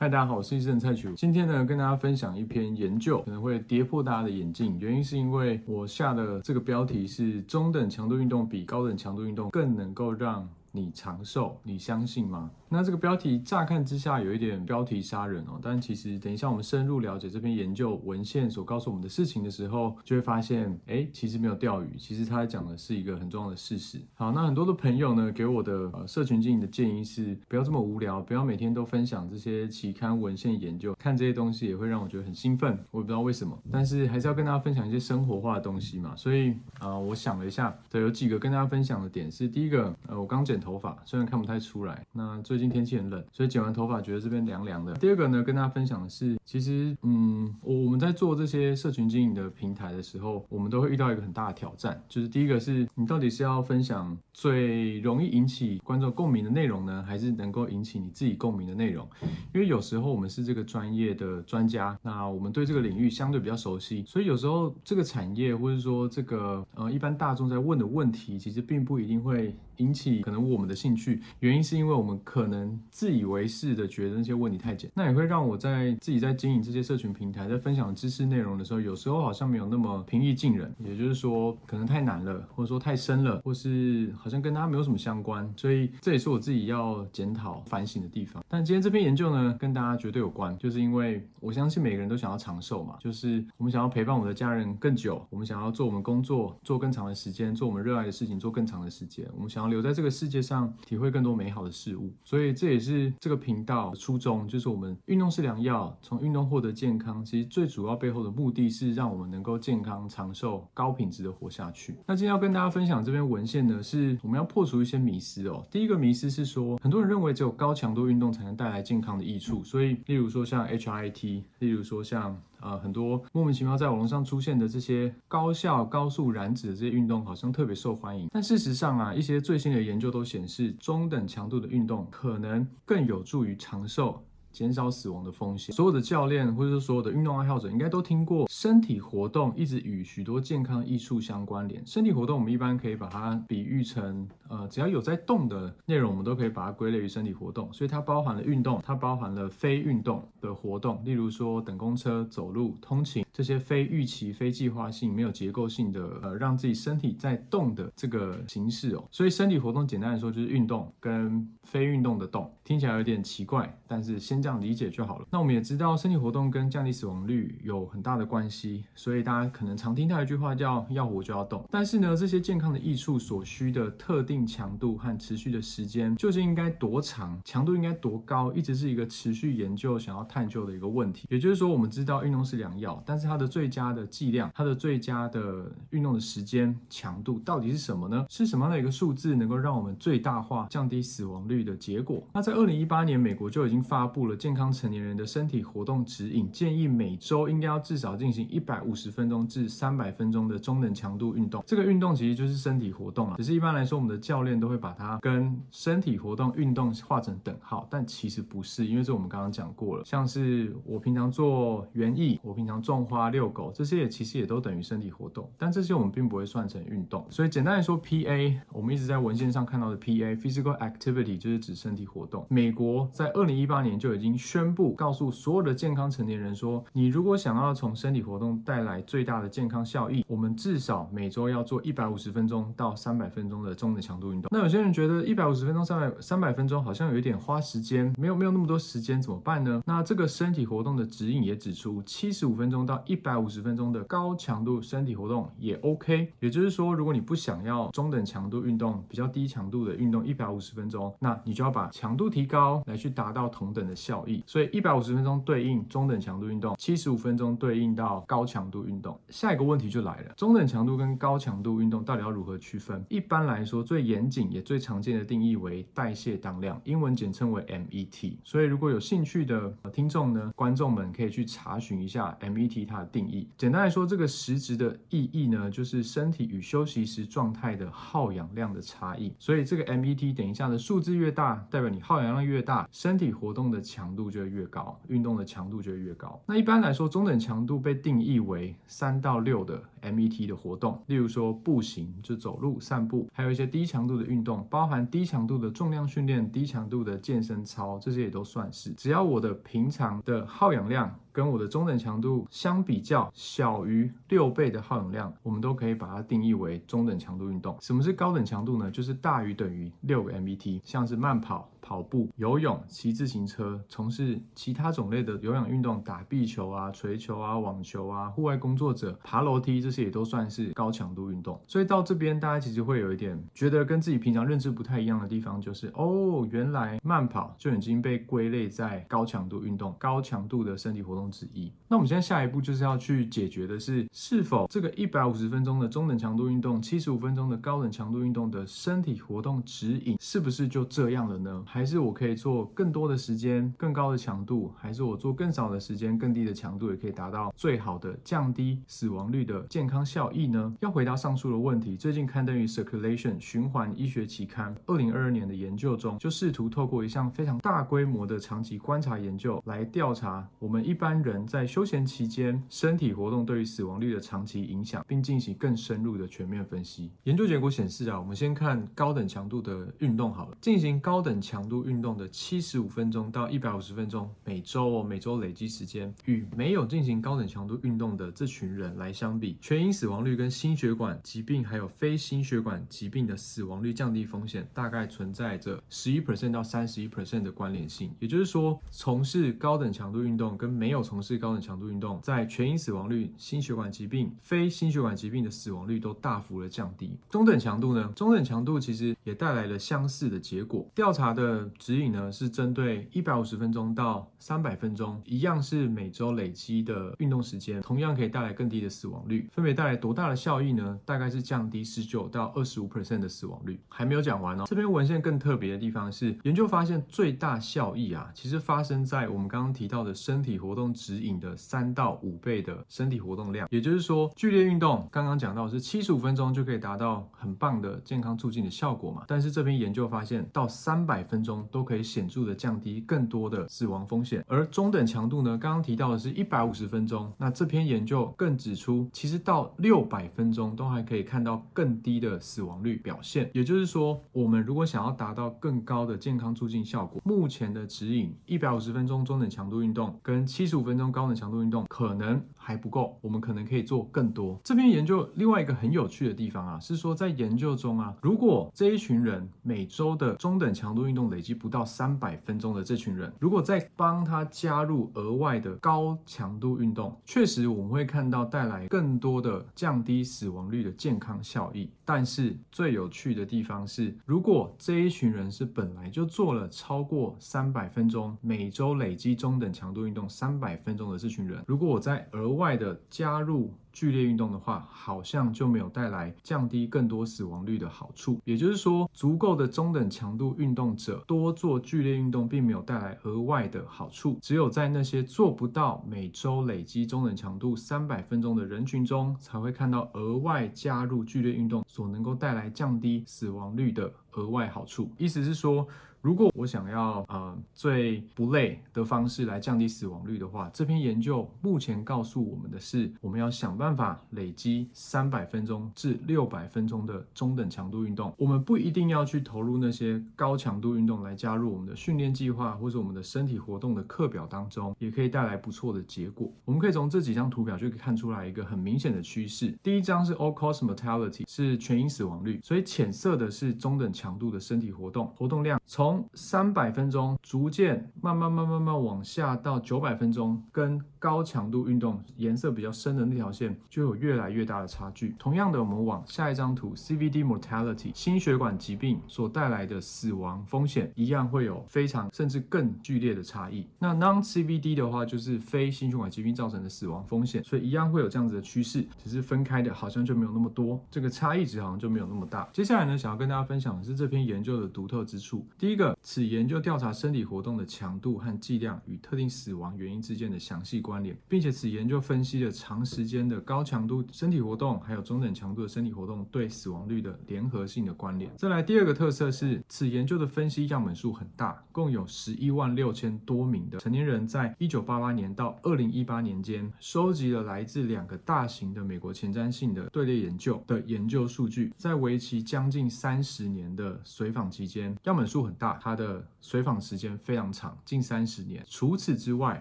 嗨，大家好，我是醫適能蔡奇儒。今天呢，跟大家分享一篇研究，可能會跌破大家的眼鏡。原因是因為我下的這個標題是中等強度運動比高等強度運動更能夠讓你長壽，你相信嗎？那這個標題乍看之下有一點標題殺人哦、喔，但其實等一下我們深入了解這篇研究文獻所告訴我們的事情的時候，就會發現，哎、欸，其實沒有釣魚，其實它講的是一個很重要的事實。好，那很多的朋友呢給我的、呃、社群經營的建議是，不要這麼無聊，不要每天都分享這些期刊文獻研究，看這些東西也會讓我覺得很興奮，我也不知道為什麼，但是還是要跟大家分享一些生活化的東西嘛。所以啊、呃，我想了一下，對，有幾個跟大家分享的點是，第一個，呃，我剛剪頭。頭髮雖然看不太出來，那最近天氣很冷，所以剪完頭髮覺得這邊涼涼的。第二個呢，跟大家分享的是，其實，嗯，我我們在做這些社群經營的平台的時候，我們都會遇到一個很大的挑戰，就是第一個是你到底是要分享最容易引起觀眾共鳴的內容呢，還是能夠引起你自己共鳴的內容？因為有時候我們是這個專業的專家，那我們對這個領域相對比較熟悉，所以有時候這個產業或者說這個呃一般大眾在問的問題，其實並不一定會。引起可能我們的興趣，原因是因為我們可能自以為是的覺得那些問題太簡單，那也會讓我在自己在經營這些社群平台，在分享知識內容的時候，有時候好像沒有那麼平易近人，也就是說，可能太難了，或者說太深了，或是好像跟大家沒有什麼相關，所以這也是我自己要檢討反省的地方。但今天這篇研究呢，跟大家絕對有關，就是因為我相信每個人都想要長壽嘛，就是我們想要陪伴我們的家人更久，我們想要做我們工作，做更長的時間，做我們熱愛的事情，做更長的時間，我們想要。留在這個世界上，體會更多美好的事物，所以這也是這個頻道的初衷，就是我們運動是良藥，從運動獲得健康。其實最主要背後的目的是讓我們能夠健康長壽、高品質的活下去。那今天要跟大家分享這篇文獻呢，是我們要破除一些迷思哦。第一個迷思是說，很多人認為只有高強度運動才能帶來健康的益處，所以例如說像 HIIT，例如說像。呃，很多莫名其妙在網絡上出現的這些高效、高速燃脂的這些運動，好像特別受歡迎。但事實上啊，一些最新的研究都顯示，中等強度的運動可能更有助於長壽。減少死亡的風險。所有的教練或者是所有的運動愛好者應該都聽過，身體活動一直與許多健康益處相關聯。身體活動我們一般可以把它比喻成，呃，只要有在動的內容，我們都可以把它歸類於身體活動。所以它包含了運動，它包含了非運動的活動，例如說等公車、走路、通勤這些非預期、非計劃性、沒有結構性的，呃，讓自己身體在動的這個形式哦。所以身體活動簡單來說就是運動跟非運動的動，聽起來有點奇怪，但是現在。這樣理解就好了。那我們也知道，身體活動跟降低死亡率有很大的關係，所以大家可能常聽到一句話叫“要活就要動”。但是呢，這些健康的益處所需的特定強度和持續的時間，究竟應該多長、強度應該多高，一直是一個持續研究、想要探究的一個問題。也就是說，我們知道運動是良藥，但是它的最佳的劑量、它的最佳的運動的時間、強度到底是什麼呢？是什麼樣的一個數字能夠讓我們最大化降低死亡率的結果？那在二零一八年，美國就已經發布了。健康成年人的身體活動指引建議，每周應該要至少進行一百五十分鐘至三百分鐘的中等強度運動。這個運動其實就是身體活動了，只是一般來說，我們的教練都會把它跟身體活動運動劃成等號，但其實不是，因為這我們剛剛講過了。像是我平常做園藝，我平常種花、遛狗，這些也其實也都等於身體活動，但這些我們並不會算成運動。所以簡單來說，PA 我們一直在文獻上看到的 PA（Physical Activity） 就是指身體活動。美國在二零一八年就有。已經宣布告訴所有的健康成年人說，你如果想要從身體活動帶來最大的健康效益，我們至少每周要做一百五十分鐘到三百分鐘的中等強度運動。那有些人覺得一百五十分鐘、三百三百分鐘好像有一點花時間，沒有沒有那麼多時間怎麼辦呢？那這個身體活動的指引也指出，七十五分鐘到一百五十分鐘的高強度身體活動也 OK。也就是說，如果你不想要中等強度運動，比較低強度的運動一百五十分鐘，那你就要把強度提高來去達到同等的。效益，所以一百五十分鐘對應中等強度運動，七十五分鐘對應到高強度運動。下一個問題就來了：中等強度跟高強度運動到底要如何區分？一般來說，最嚴謹也最常見的定義為代謝當量，英文簡稱為 MET。所以如果有興趣的聽眾呢，觀眾們可以去查詢一下 MET 它的定義。簡單來說，這個數值的意義呢，就是身體與休息時狀態的耗氧量的差異。所以這個 MET 等一下的數字越大，代表你耗氧量越大，身體活動的強。強度就會越高，運動的強度就會越高。那一般來說，中等強度被定義為三到六的 MET 的活動，例如說步行，就走路散步，還有一些低強度的運動，包含低強度的重量訓練、低強度的健身操，這些也都算是。只要我的平常的耗氧量。跟我的中等強度相比較，小於六倍的耗氧量，我們都可以把它定義為中等強度運動。什麼是高等強度呢？就是大於等於六個 MET，像是慢跑、跑步、游泳、騎自行車、從事其他種類的有氧運動、打壁球啊、槌球啊、網球啊、戶外工作者、爬樓梯這些也都算是高強度運動。所以到這邊，大家其實會有一點覺得跟自己平常認知不太一樣的地方，就是哦，原來慢跑就已經被歸類在高強度運動、高強度的身體活動之一。那我們現在下一步就是要去解決的是，是否這個一百五十分鐘的中等強度運動，七十五分鐘的高等強度運動的身體活動指引是不是就這樣了呢？還是我可以做更多的時間，更高的強度？還是我做更少的時間，更低的強度也可以達到最好的降低死亡率的健康效益呢？要回答上述的問題，最近刊登於《Circulation 循環醫學》期刊二零二二年的研究中，就試圖透過一項非常大規模的長期觀察研究來調查我們一般。單人在休閒期間，身體活動對於死亡率的長期影響，並進行更深入的全面分析。研究結果顯示啊，我們先看高等強度的運動好了。進行高等強度運動的七十五分鐘到一百五十分鐘每周哦，每周累積時間與沒有進行高等強度運動的這群人來相比，全因死亡率跟心血管疾病還有非心血管疾病的死亡率降低風險，大概存在着十一 percent 到三十一 percent 的關聯性。也就是說，從事高等強度運動跟沒有從事高等強度運動，在全因死亡率、心血管疾病、非心血管疾病的死亡率都大幅的降低。中等強度呢？中等強度其實也帶來了相似的結果。調查的指引呢，是針對一百五十分鐘到三百分鐘，一樣是每週累積的運動時間，同樣可以帶來更低的死亡率。分別帶來多大的效益呢？大概是降低十九到二十五 percent 的死亡率。還沒有講完哦。這篇文獻更特別的地方是，研究發現最大效益啊，其實發生在我們剛剛提到的身體活動。指引的三到五倍的身體活動量，也就是說，劇烈運動剛剛講到是七十五分鐘就可以達到很棒的健康促進的效果嘛，但是這篇研究發現，到三百分鐘都可以顯著的降低更多的死亡風險。而中等強度呢，剛剛提到的是一百五十分鐘，那這篇研究更指出，其實到六百分鐘都還可以看到更低的死亡率表現。也就是說，我們如果想要達到更高的健康促進效果，目前的指引一百五十分鐘中等強度運動跟七十五五分鐘高強度運動可能，還不夠，我們可能可以做更多。這篇研究另外一個很有趣的地方啊，是說在研究中啊，如果這一群人每周的中等強度運動累積不到三百分鐘的這群人，如果再幫他加入額外的高強度運動，確實我們會看到帶來更多的降低死亡率的健康效益。但是最有趣的地方是，如果這一群人是本來就做了超過三百分鐘，每周累積中等強度運動三百分鐘的這群人，如果我再額外外的加入劇烈運動的話，好像就沒有帶來降低更多死亡率的好處。也就是說，足夠的中等強度運動者多做劇烈運動，並沒有帶來額外的好處。只有在那些做不到每周累積中等強度三百分鐘的人群中，才會看到額外加入劇烈運動所能夠帶來降低死亡率的額外好處。意思是說，如果我想要呃最不累的方式來降低死亡率的話，這篇研究目前告訴我們的是，我們要想辦法累積三百分鐘至六百分鐘的中等強度運動。我們不一定要去投入那些高強度運動來加入我們的訓練計劃或者是我們的身體活動的課表當中，也可以帶來不錯的結果。我們可以從這幾張圖表就可以看出來一個很明顯的趨勢。第一張是 all cause mortality，是全因死亡率，所以淺色的是中等強度的身體活動，活動量從從三百分鐘逐漸慢慢慢慢慢慢往下到九百分鐘，跟高強度運動顏色比較深的那條線就有越來越大的差距。同樣的，我們往下一張圖，CVD mortality 心血管疾病所帶來的死亡風險一樣會有非常甚至更劇烈的差異。那 non CVD 的話就是非心血管疾病造成的死亡風險，所以一樣會有這樣子的趨勢，只是分開的好像就沒有那麼多，這個差異值好像就沒有那麼大。接下來呢，想要跟大家分享的是這篇研究的獨特之處，第一。個，此研究調查身體活動的強度和劑量與特定死亡原因之間的詳細關聯，並且此研究分析了長時間的高強度身體活動還有中等強度的身體活動對死亡率的聯合性的關聯。再來第二個特色是此研究的分析樣本數很大，共有十一萬六千多名的成年人，在一九八八年到二零一八年間收集了來自兩個大型的美國前瞻性的隊列研究的研究數據，在為期將近三十年的隨訪期間，樣本數很大。它的隨訪時間非常長，近三十年。除此之外，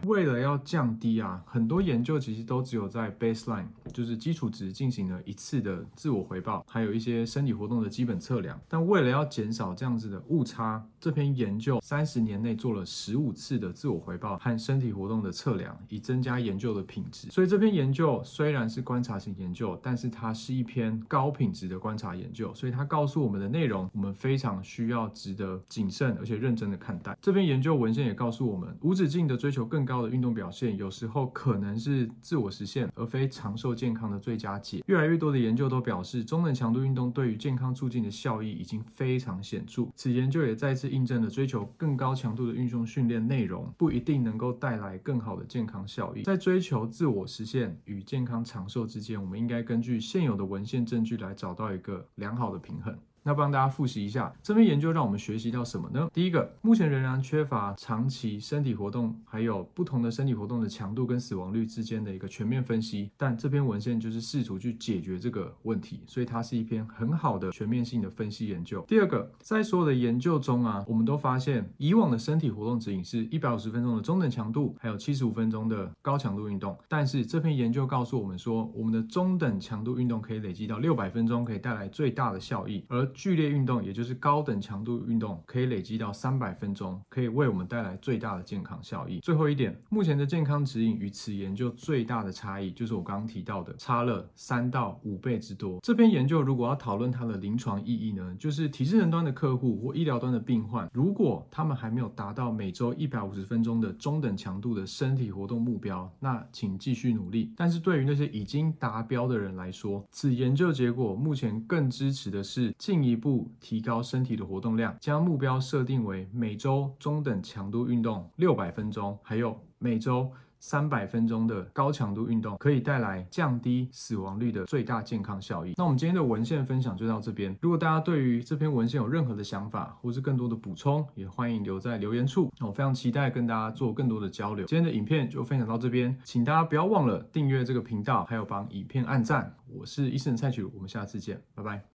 為了要降低啊，很多研究其實都只有在 baseline，就是基礎值進行了一次的自我回報，還有一些身體活動的基本測量。但為了要減少這樣子的誤差，這篇研究三十年內做了十五次的自我回報和身體活動的測量，以增加研究的品質。所以這篇研究雖然是觀察型研究，但是它是一篇高品質的觀察研究。所以它告訴我們的內容，我們非常需要值得謹慎。正而且認真的看待，這篇研究文獻也告訴我們，無止境的追求更高的運動表現，有時候可能是自我實現而非長壽健康的最佳解。越來越多的研究都表示，中等強度運動對於健康促進的效益已經非常顯著。此研究也再次印證了，追求更高強度的運動訓練內容，不一定能夠帶來更好的健康效益。在追求自我實現與健康長壽之間，我們應該根據現有的文獻證據來找到一個良好的平衡。那幫大家複習一下，這篇研究讓我們學習到什麼呢？第一個，目前仍然缺乏長期身體活動還有不同的身體活動的強度跟死亡率之間的一個全面分析，但這篇文獻就是試圖去解決這個問題，所以它是一篇很好的全面性的分析研究。第二個，在所有的研究中啊，我們都發現以往的身體活動指引是一百五十分鐘的中等強度，還有七十五分鐘的高強度運動，但是這篇研究告訴我們說，我們的中等強度運動可以累積到六百分鐘，可以帶來最大的效益，而劇烈運動，也就是高等強度運動，可以累積到三百分鐘，可以為我們帶來最大的健康效益。最後一點，目前的健康指引與此研究最大的差異，就是我剛剛提到的，差了三到五倍之多。這篇研究如果要討論它的臨床意義呢，就是體適能端的客戶或醫療端的病患，如果他們還沒有達到每週一百五十分鐘的中等強度的身體活動目標，那請繼續努力。但是對於那些已經達標的人來說，此研究結果目前更支持的是進一步提高身體的活動量，將目標設定為每周中等強度運動六百分鐘，還有每周三百分鐘的高強度運動，可以帶來降低死亡率的最大健康效益。那我們今天的文獻分享就到這邊。如果大家對於這篇文獻有任何的想法，或是更多的補充，也歡迎留在留言處。那我非常期待跟大家做更多的交流。今天的影片就分享到這邊，請大家不要忘了訂閱這個頻道，還有幫影片按讚。我是醫適能蔡奇儒，我們下次見，拜拜。